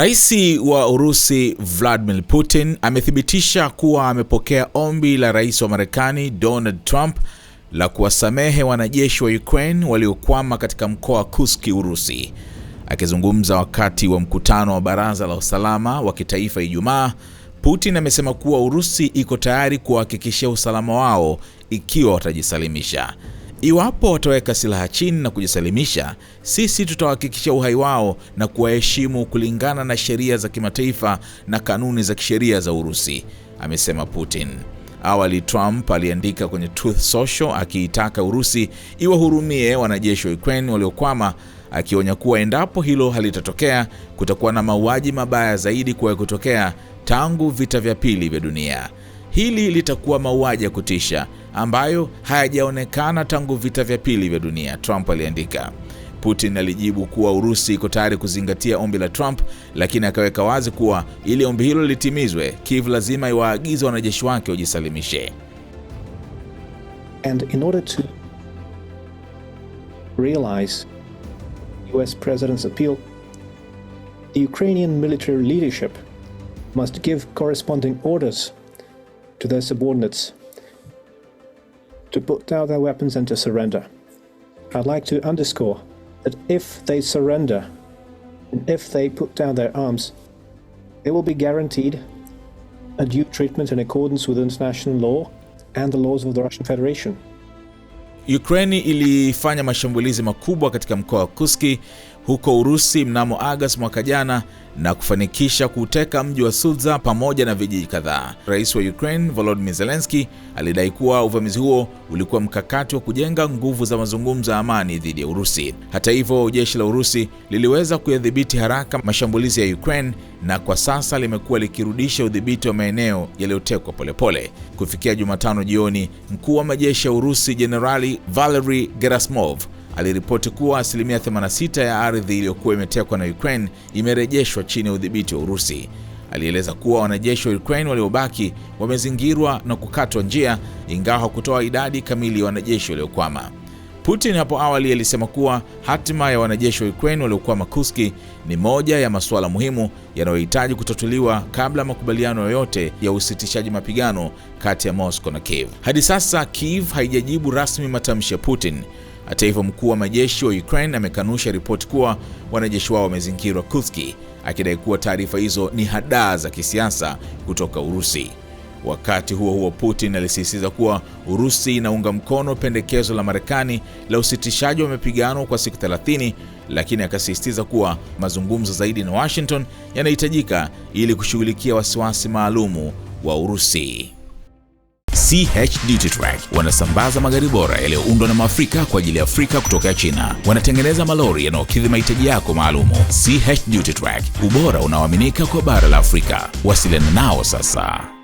Rais wa Urusi Vladimir Putin amethibitisha kuwa amepokea ombi la Rais wa Marekani Donald Trump la kuwasamehe wanajeshi wa Ukraine waliokwama katika mkoa wa Kuski, Urusi. Akizungumza wakati wa mkutano wa Baraza la Usalama wa Kitaifa Ijumaa, Putin amesema kuwa Urusi iko tayari kuwahakikishia usalama wao ikiwa watajisalimisha. Iwapo wataweka silaha chini na kujisalimisha, sisi tutawahakikishia uhai wao na kuwaheshimu kulingana na sheria za kimataifa na kanuni za kisheria za Urusi, amesema Putin. Awali Trump aliandika kwenye Truth Social akiitaka Urusi iwahurumie wanajeshi wa Ukraine waliokwama, akionya kuwa endapo hilo halitatokea kutakuwa na mauaji mabaya zaidi kuwahi kutokea tangu vita vya pili vya dunia hili litakuwa mauaji ya kutisha ambayo hayajaonekana tangu vita vya pili vya dunia, Trump aliandika. Putin alijibu kuwa Urusi iko tayari kuzingatia ombi la Trump, lakini akaweka wazi kuwa ili ombi hilo litimizwe, Kiev lazima iwaagize wanajeshi wake wajisalimishe. And in order to realize US president's appeal, the Ukrainian military leadership must give corresponding orders to their subordinates to put down their weapons and to surrender. I'd like to underscore that if they surrender and if they put down their arms, they will be guaranteed a due treatment in accordance with international law and the laws of the Russian Federation. Ukraine ilifanya mashambulizi makubwa katika mkoa wa Kuski huko Urusi mnamo Agosti mwaka jana na kufanikisha kuteka mji wa Sudza pamoja na vijiji kadhaa. Rais wa Ukraine Volodymyr Zelensky alidai kuwa uvamizi huo ulikuwa mkakati wa kujenga nguvu za mazungumzo ya amani dhidi ya Urusi. Hata hivyo, jeshi la Urusi liliweza kuyadhibiti haraka mashambulizi ya Ukraine na kwa sasa limekuwa likirudisha udhibiti wa maeneo yaliyotekwa polepole. Kufikia Jumatano jioni, mkuu wa majeshi ya Urusi Jenerali Valery Gerasimov aliripoti kuwa asilimia 86 ya ardhi iliyokuwa imetekwa na Ukraine imerejeshwa chini ya udhibiti wa Urusi. Alieleza kuwa wanajeshi wa Ukraine waliobaki wamezingirwa na kukatwa njia, ingawa hakutoa idadi kamili ya wanajeshi waliokwama. Putin hapo awali alisema kuwa hatima ya wanajeshi wa Ukraine waliokwama Kursk ni moja ya masuala muhimu yanayohitaji kutatuliwa kabla makubaliano yoyote ya usitishaji mapigano kati ya Moscow na Kiev. Hadi sasa Kiev haijajibu rasmi matamshi ya Putin. Hata hivyo, mkuu wa majeshi wa Ukraine amekanusha ripoti kuwa wanajeshi wao wamezingirwa Kursk, akidai kuwa taarifa hizo ni hadaa za kisiasa kutoka Urusi. Wakati huo huo, Putin alisisitiza kuwa Urusi inaunga mkono pendekezo la Marekani la usitishaji wa mapigano kwa siku 30, lakini akasisitiza kuwa mazungumzo zaidi na Washington yanahitajika ili kushughulikia wasiwasi maalumu wa Urusi. CH Track wanasambaza magari bora yaliyoundwa na Maafrika kwa ajili ya Afrika kutoka China. Wanatengeneza malori yanayokidhi mahitaji yako maalumu. CH Track, ubora unaoaminika kwa bara la Afrika. Wasiliana nao sasa.